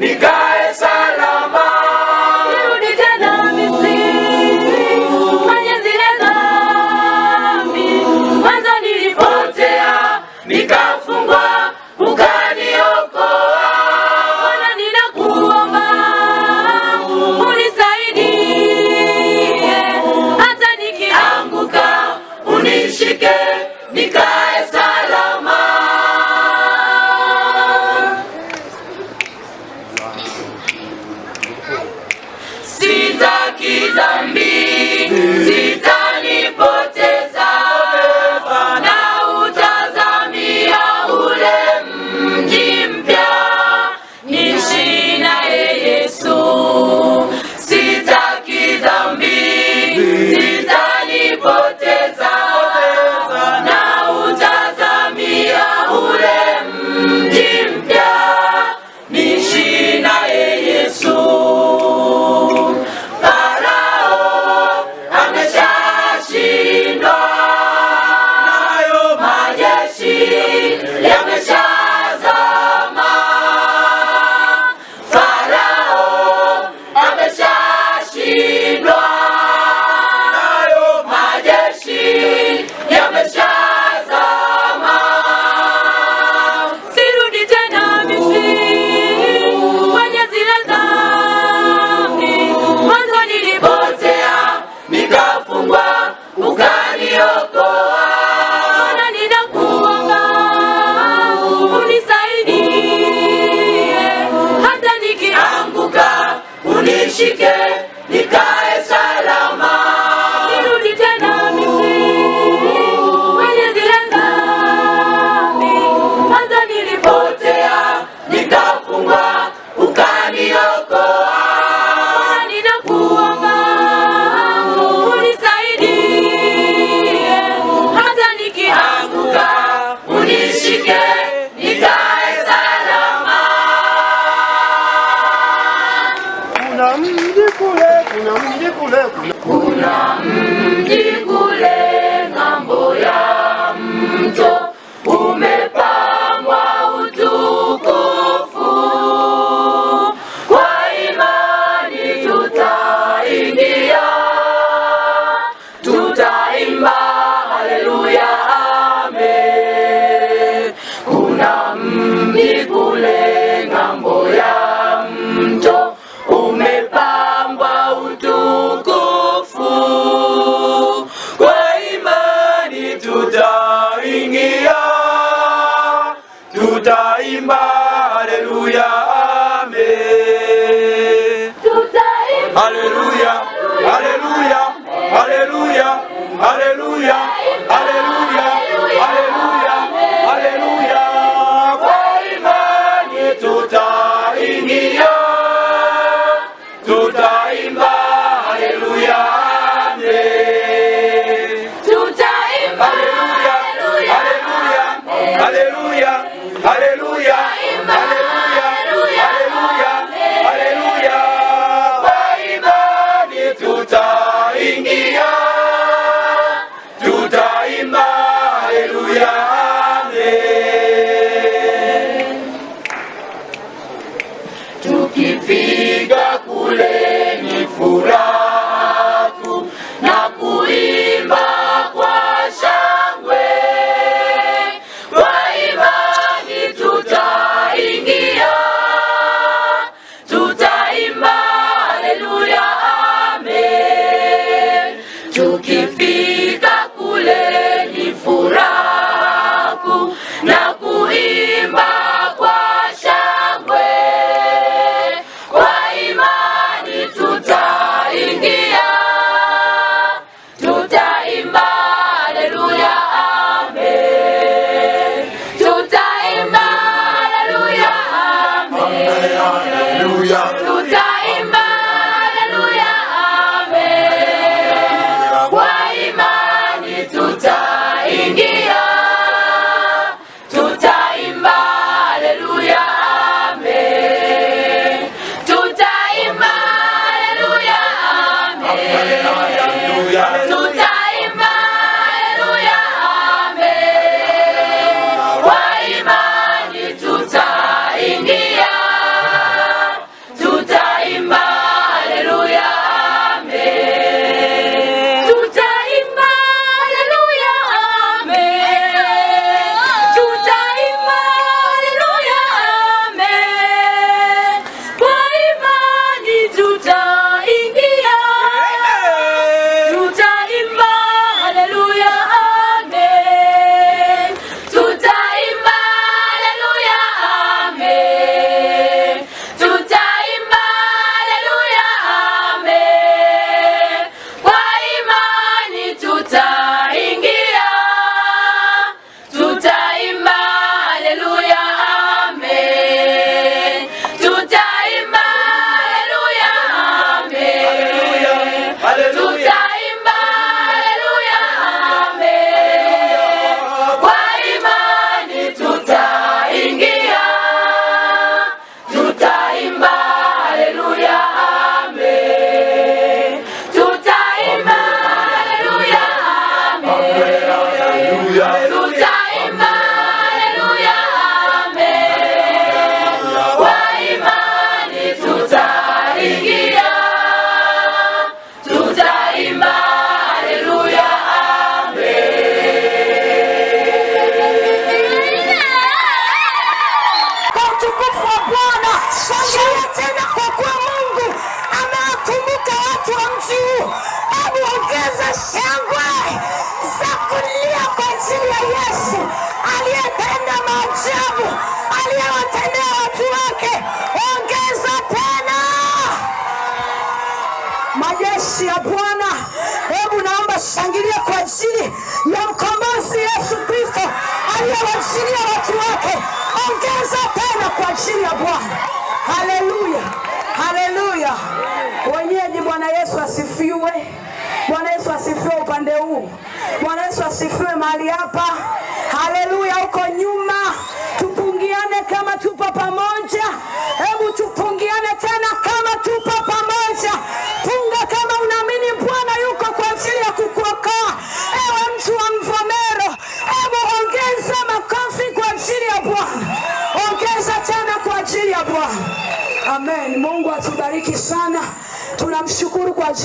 Nigar! Chicken, you guys.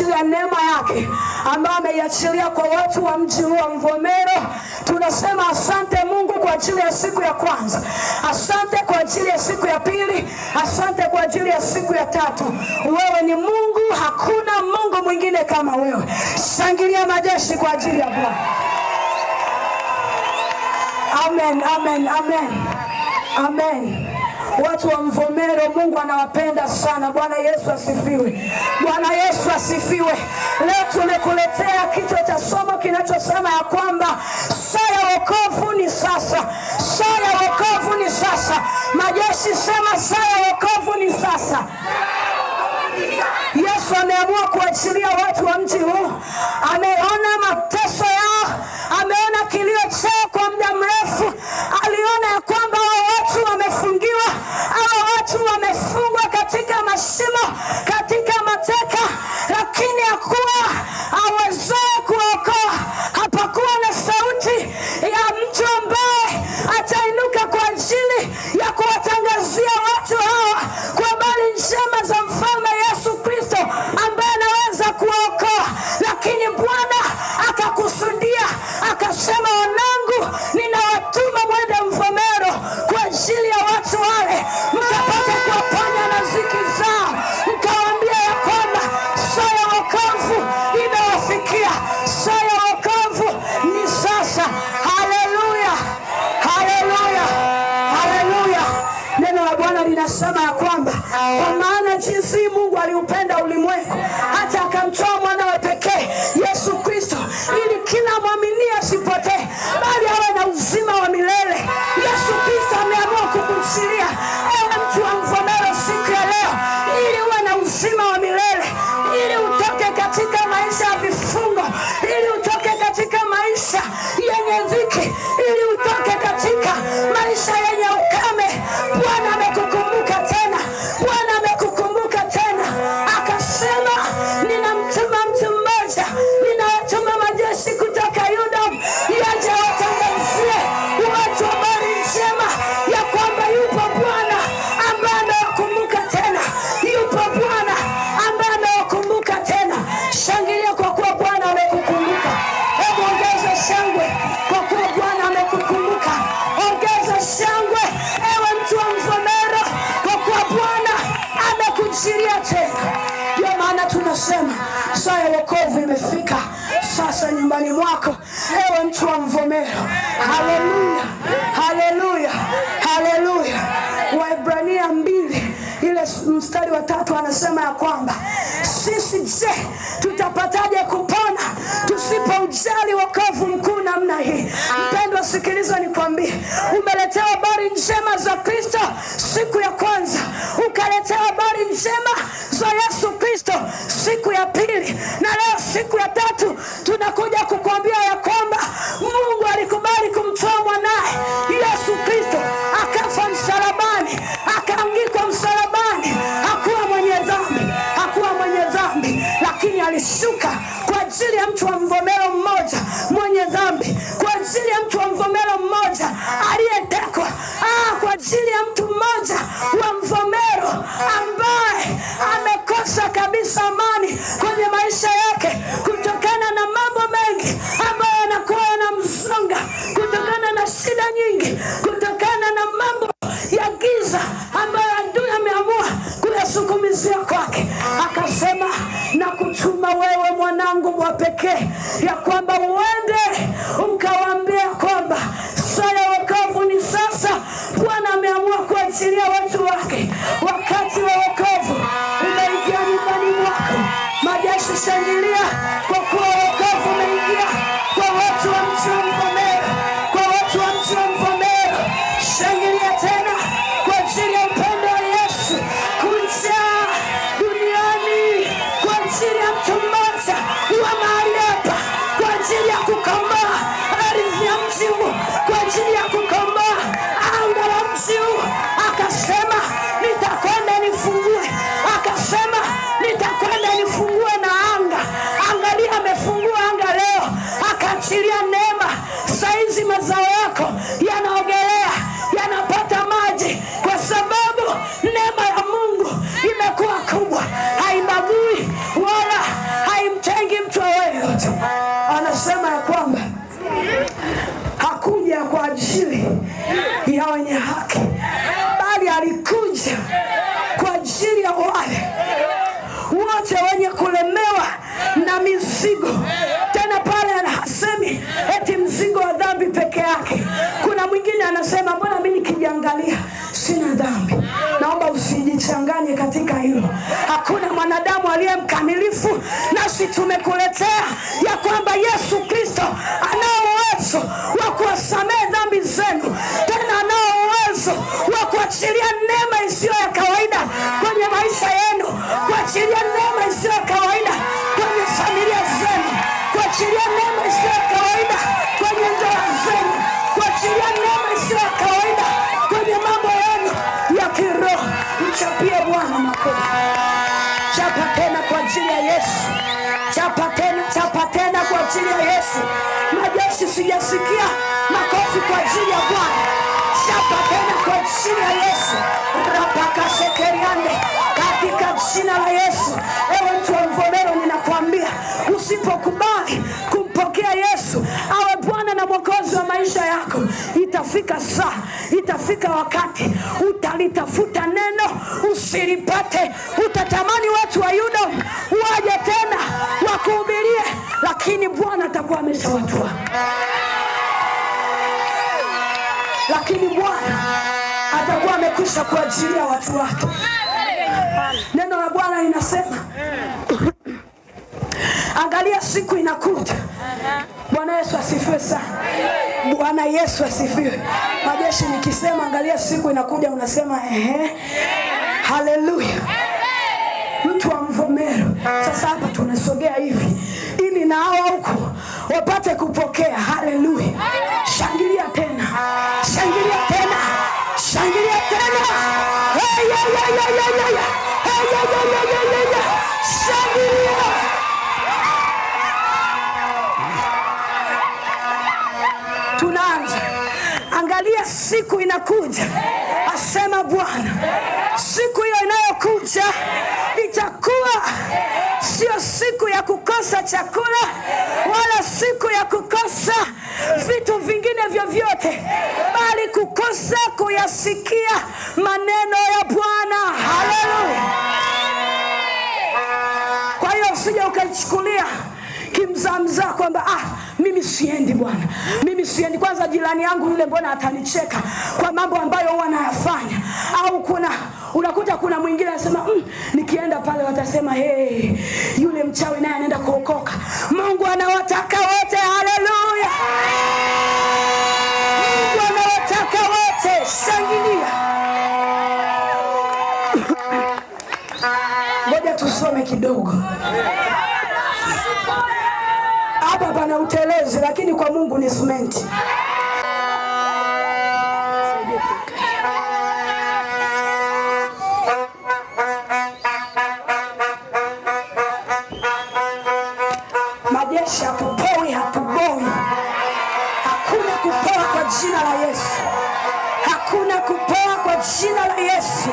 ya neema yake ambayo ameiachilia kwa watu wa mji huu wa Mvomero. Tunasema asante Mungu kwa ajili ya siku ya kwanza, asante kwa ajili ya siku ya pili, asante kwa ajili ya siku ya tatu. Wewe ni Mungu, hakuna Mungu mwingine kama wewe. Shangilia majeshi kwa ajili ya Bwana. Amen, amen, amen, amen watu wa Mvomero, Mungu anawapenda sana. Bwana Yesu asifiwe, Bwana Yesu asifiwe. Leo tumekuletea nikaletea habari njema za Yesu Kristo siku ya pili na leo siku ya tatu tunakuja kama wewe mwanangu wa pekee, ya kwamba uende ukawaambia kwamba saa ya wokovu ni sasa. Bwana ameamua kuachilia watu wake ya wenye haki, bali alikuja kwa ajili ya wale wote wenye kulemewa na mizigo. Tena pale anasemi eti mzigo wa dhambi peke yake. Kuna mwingine anasema mbona mimi nikijiangalia sina dhambi? Naomba usijichanganye katika hilo. Hakuna mwanadamu aliye mkamilifu, nasi tumekuletea ya kwamba Yesu Kristo anao uwezo dhambi zenu, tena anao uwezo wa kuachilia neema isiyo ya kawaida kwenye maisha yenu, kuachilia neema isiyo ya kawaida kwenye familia zenu, kuachilia neema isiyo ya kawaida kwenye ndoa zenu, kuachilia neema isiyo ya kawaida kwenye mambo yenu ya kiroho. Mchapie Bwana makofi, chapa tena kwa ajili ya Yesu, chapa tena ajili ya Yesu. Majeshi, sijasikia makofi kwa ajili ya Bwana. Chapa tena kwa ajili ya Yesu, rapakasekeriande katika jina la Yesu. Ewe mtu wa Mvomero, ninakwambia usipo mwokozi wa maisha yako. Itafika saa, itafika wakati utalitafuta neno usilipate. Utatamani watu wa Yuda waje tena wakuhubirie, lakini Bwana atakuwa ameshawatua, lakini Bwana atakuwa amekwisha kuajilia watu wake. Neno la Bwana linasema Angalia, siku inakuja Bwana Yesu asifiwe sana. Bwana Yesu asifiwe. Majeshi nikisema angalia siku inakuja unasema ehe. Haleluya. Mtu wa Mvomero. Sasa hapa tunasogea hivi ili na hawa huko wapate kupokea. Haleluya. Shangilia tena. Shangilia tena. Shangilia siku inakuja, asema Bwana, siku hiyo inayokuja itakuwa sio siku ya kukosa chakula wala siku ya kukosa vitu vingine vyovyote, bali kukosa kuyasikia maneno ya Bwana. Haleluya! Kwa hiyo usije ukaichukulia kimzaamzaa kwamba ah, mimi siendi bwana, mimi siendi. Kwanza jirani yangu yule, mbona atanicheka kwa mambo ambayo wanayafanya? Au kuna unakuta kuna mwingine anasema mm, nikienda pale watasema hey, yule mchawi naye anaenda kuokoka. Mungu anawataka wote, haleluya! Mungu anawataka wote, shangilia. Ngoja tusome kidogo. Hapa pana utelezi, lakini kwa Mungu ni simenti. Majeshi hatupoi, hatuboi. Hakuna kupoa kwa jina la Yesu, hakuna kupoa kwa jina la Yesu.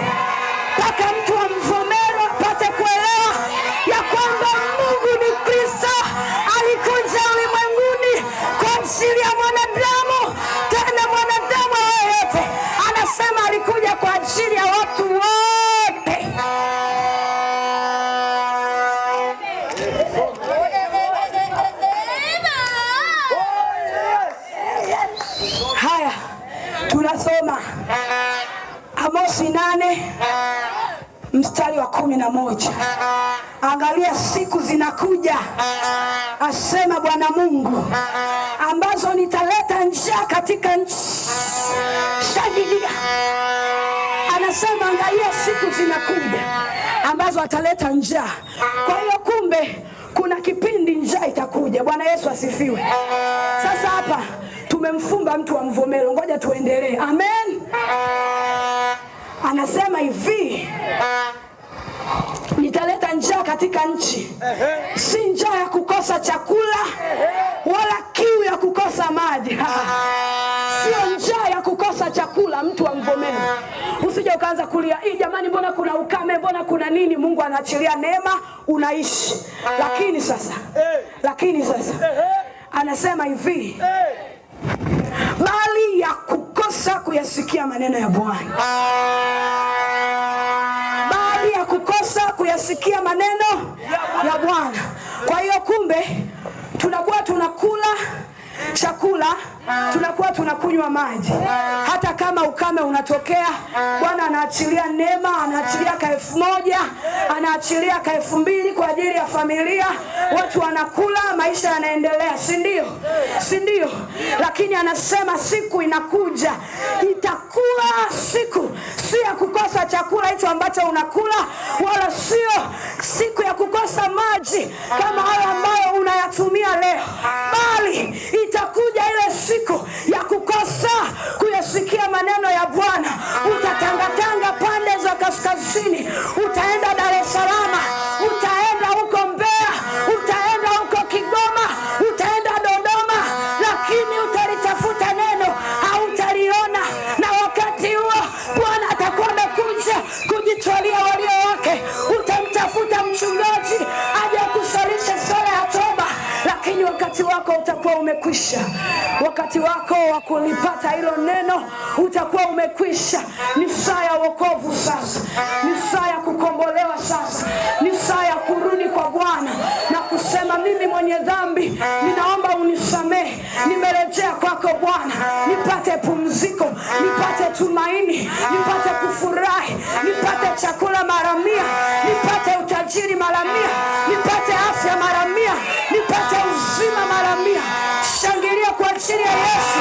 angalia, siku zinakuja, asema Bwana Mungu, ambazo nitaleta njaa katika nchi. Shangilia, anasema angalia, siku zinakuja ambazo ataleta njaa. Kwa hiyo kumbe kuna kipindi njaa itakuja. Bwana Yesu asifiwe. Sasa hapa tumemfumba mtu wa Mvomero, ngoja tuendelee. Amen, anasema hivi njaa katika nchi, si njaa ya kukosa chakula wala kiu ya kukosa maji ah. sio njaa ya kukosa chakula. Mtu amvomee, usije ukaanza kulia, hii jamani, mbona kuna ukame, mbona kuna nini? Mungu anaachilia neema, unaishi. Ah. Lakini sasa, eh. lakini sasa anasema hivi, eh. bali ya kukosa kuyasikia maneno ya Bwana. Ah kusikia maneno ya Bwana. Kwa hiyo kumbe tunakuwa tunakula chakula tunakuwa tunakunywa maji, hata kama ukame unatokea, Bwana anaachilia neema, anaachilia ka elfu moja anaachilia ka elfu mbili kwa ajili ya familia, watu wanakula, maisha yanaendelea, si ndio? Si ndio? Lakini anasema siku inakuja, itakuwa siku si ya kukosa chakula hicho ambacho unakula, wala sio siku ya kukosa maji kama hayo ambayo unayatumia leo, bali itakuja ile siku ya kukosa kuyasikia maneno ya Bwana, utatangatanga kaskazini, utaenda Dar es Salaam umekwisha. Wakati wako wa kulipata hilo neno utakuwa umekwisha. Ni saa ya wokovu sasa, ni saa ya kukombolewa sasa, ni saa ya kurudi kwa Bwana na kusema mimi mwenye dhambi, ninaomba unisamehe, nimerejea kwako Bwana, nipate pumziko, nipate tumaini, nipate kufurahi, nipate chakula mara mia, nipate utajiri mara mia, nipate afya mara mia, nipate uzima mara mia chini ya Yesu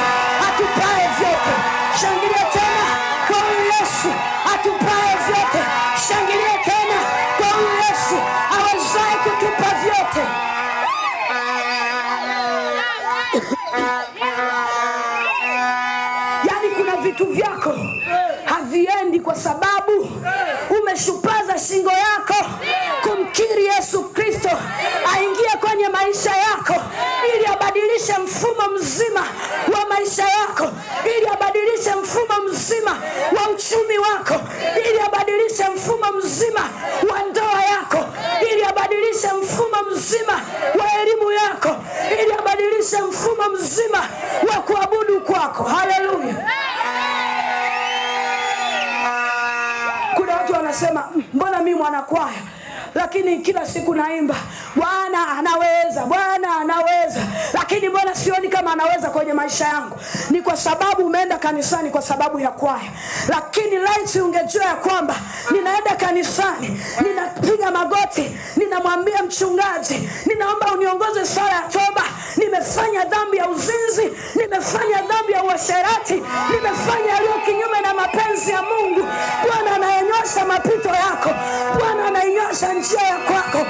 atupae vyote. Shangilia tena kwa Yesu atupae vyote. Shangilia tena kwa Yesu awezaye kutupa vyote. Yaani kuna vitu vyako haviendi kwa sababu umeshupaza shingo yako kumkiri Yesu Kristo. wa maisha yako, ili abadilishe mfumo mzima wa uchumi wako, ili abadilishe mfumo mzima wa ndoa yako, ili abadilishe mfumo mzima wa elimu yako, ili abadilishe mfumo mzima wa kuabudu kwako. Haleluya! Kuna watu wanasema mm, mbona mi mwanakwaya lakini kila siku naimba Bwana anaweza, Bwana anaweza, lakini mbona sioni anaweza kwenye maisha yangu, ni kwa sababu umeenda kanisani kwa sababu ya kwaya. Lakini laiti ungejua ya kwamba ninaenda kanisani, ninapiga magoti, ninamwambia mchungaji, ninaomba uniongoze sala ya toba, nimefanya dhambi ya uzinzi, nimefanya dhambi ya uasherati, nimefanya yaliyo kinyume na mapenzi ya Mungu. Bwana anayenyosha mapito yako, Bwana anayenyosha njia ya kwako.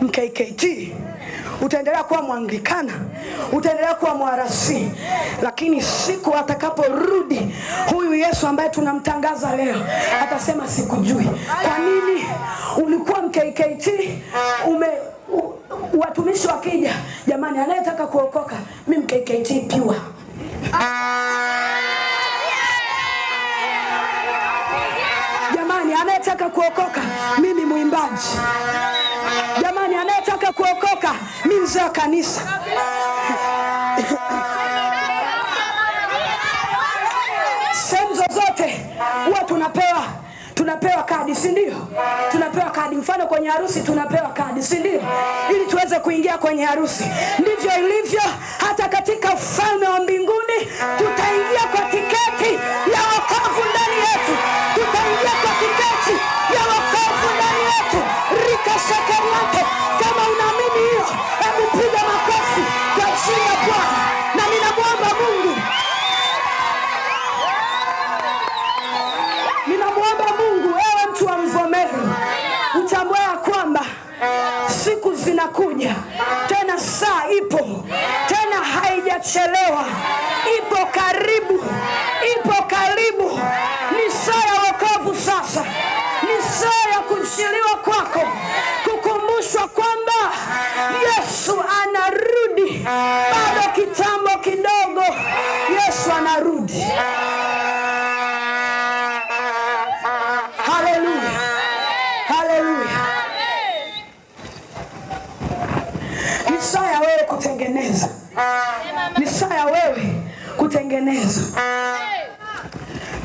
MKKT, utaendelea kuwa Mwanglikana, utaendelea kuwa Mwarasi, lakini siku atakaporudi huyu Yesu ambaye tunamtangaza leo atasema sikujui. Kwa nini ulikuwa MKKT? ume u, watumishi wakija, jamani, anayetaka kuokoka mi MKKT piwa jamani, anayetaka kuokoka mimi mwimbaji na kuokoka, mi mzee wa kanisa sehemu zozote huwa tunapewa tunapewa kadi, si ndio? Tunapewa kadi, mfano kwenye harusi tunapewa kadi, si ndio? Ili tuweze kuingia kwenye harusi. Ndivyo ilivyo hata katika ufalme wa mbinguni, tutaingia kwa tiketi ya wokovu ndani yetu, tutaingia kwa tiketi ya Kristu rikashakariante. Kama unaamini hiyo, hebu piga makofi kwa jina la Bwana, na ninamwomba Mungu, ninamwomba Mungu, ewe mtu wa mvomevu, utambue ya kwamba siku zinakuja tena, saa ipo tena, haijachelewa, ipo karibu, ipo Mungu. Haleluya, haleluya. Ni saa ya wewe kutengeneza, ni saa ya wewe kutengeneza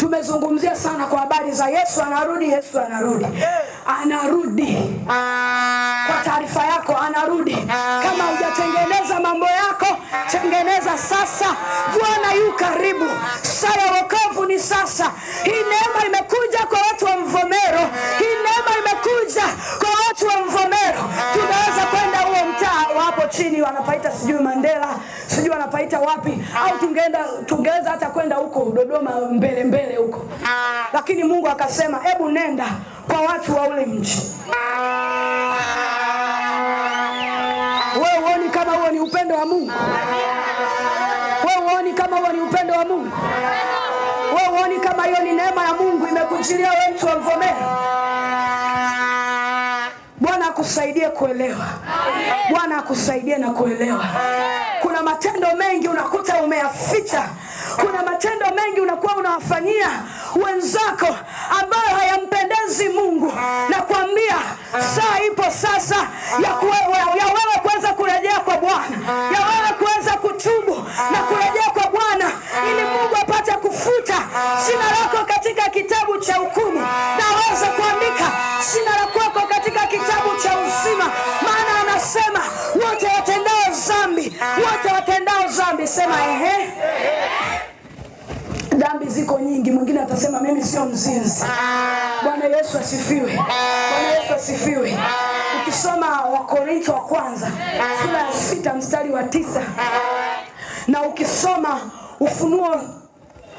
tumezungumzia sana kwa habari za Yesu anarudi, Yesu anarudi, anarudi. Kwa taarifa yako, anarudi. Kama hujatengeneza mambo yako, tengeneza sasa. Bwana yu karibu, saa ya wokovu ni sasa. Hii neema imekuja kwa watu wa Mvomero, hii neema imekuja kwa watu wa Mvomero. Tunaweza kwenda huo mtaa wapo chini wanapaita sijui Mandela tunapaita wapi? Au tungeenda tungeweza hata kwenda huko Dodoma mbele mbele huko, lakini Mungu akasema, hebu nenda kwa watu wa ule mji. Wewe uoni kama huo ni upendo wa Mungu? Wewe uoni kama huo ni upendo wa Mungu? Wewe uoni kama hiyo ni neema ya Mungu imekujilia wewe mtu wa Mvomero? akusaidie kuelewa. Bwana akusaidie na kuelewa. Kuna matendo mengi unakuta umeyaficha, kuna matendo mengi unakuwa unawafanyia wenzako ambayo hayampendezi Mungu. Nakwambia saa ipo sasa ya, kuwewe, ya wewe kuweza kurejea kwa Bwana, ya wewe kuweza kutubu na kurejea kwa Bwana ili Mungu apate kufuta jina lako katika kitabu cha hukumu. wote watendao dhambi, sema ehe. Dhambi ziko nyingi. Mwingine atasema mimi sio mzinzi. Bwana Yesu asifiwe! Bwana Yesu asifiwe! Ukisoma Wakorintho wa kwanza sura ya sita mstari wa tisa na ukisoma Ufunuo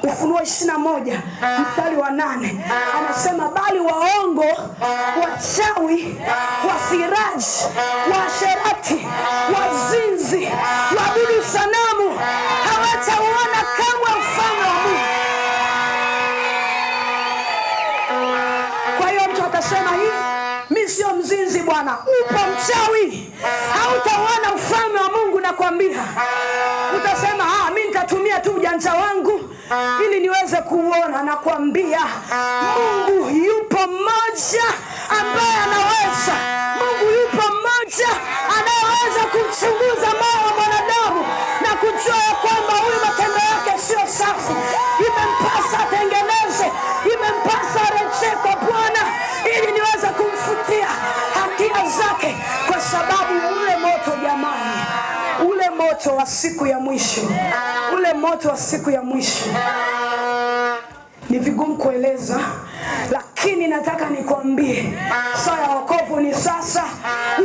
Ufunuo ishirini na moja mstari wa nane anasema bali waongo, wachawi, wasiraji, waasherati, wazinzi, waabudu sanamu hawatauona kamwe ufalme wa Mungu. Kwa hiyo mtu atasema hivi, mi sio mzinzi bwana, upo mchawi, hautauona ufalme wa Mungu, nakwambia ujanja wangu ili niweze kuona na kuambia Mungu yupo mmoja ambaye anaweza. Mungu yupo mmoja anayeweza kumchunguza moto wa siku ya mwisho, ule moto wa siku ya mwisho ni vigumu kueleza, lakini nataka nikwambie saa ya wokovu ni sasa.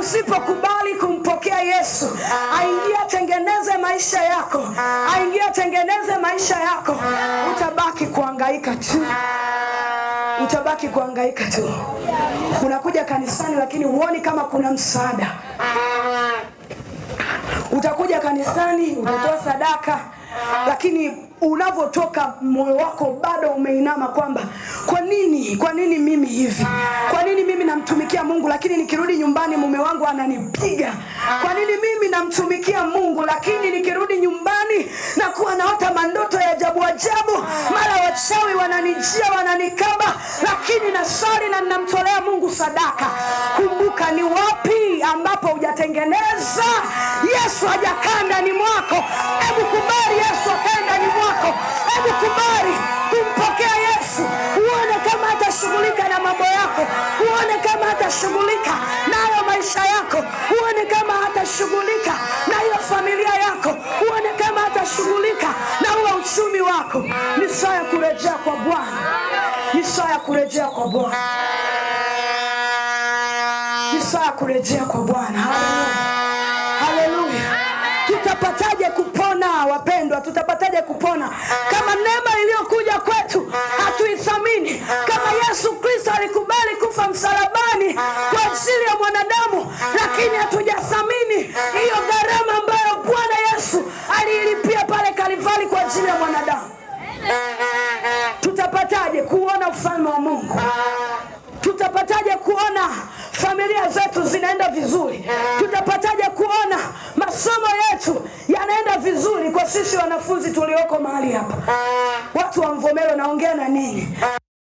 Usipokubali kumpokea Yesu aingie atengeneze maisha yako, aingie atengeneze maisha yako, utabaki kuangaika tu, utabaki kuhangaika tu. Unakuja kanisani, lakini huoni kama kuna msaada Utakuja kanisani, utatoa sadaka, lakini unavyotoka moyo wako bado umeinama, kwamba kwa nini, kwa nini mimi hivi? Kwa nini mimi namtumikia Mungu lakini nikirudi nyumbani mume wangu ananipiga? Kwa nini mimi namtumikia Mungu lakini nikirudi nyumbani nakuwa naota mandoto ya ajabu ajabu, mara wachawi wananijia wananikaba, lakini nasali na ninamtolea Mungu sadaka. Kumbuka ni wapi ambapo hujatengeneza. Yesu hajakaa ndani mwako, hebu kubali Yesu akae ndani mwako yako, hebu kubali kumpokea Yesu, uone kama atashughulika na mambo yako, uone kama atashughulika nayo maisha yako, uone kama atashughulika na hiyo familia yako, uone kama atashughulika na huo uchumi wako. Ni saa ya kurejea kwa Bwana, ni saa ya kurejea kwa Bwana, ni saa ya kurejea kwa Bwana. kuiona. Kama neema iliyokuja kwetu hatuithamini, kama Yesu Kristo alikubali kufa msalabani kwa ajili ya mwanadamu, lakini hatujathamini hiyo gharama ambayo Bwana Yesu aliilipia pale Kalivari kwa ajili ya mwanadamu. Tutapataje kuona ufalme wa Mungu? tutapataje kuona familia zetu zinaenda vizuri? Tutapataje kuona masomo yetu yanaenda vizuri kwa sisi wanafunzi tulioko mahali hapa? Watu wa Mvomero, naongea na ninyi.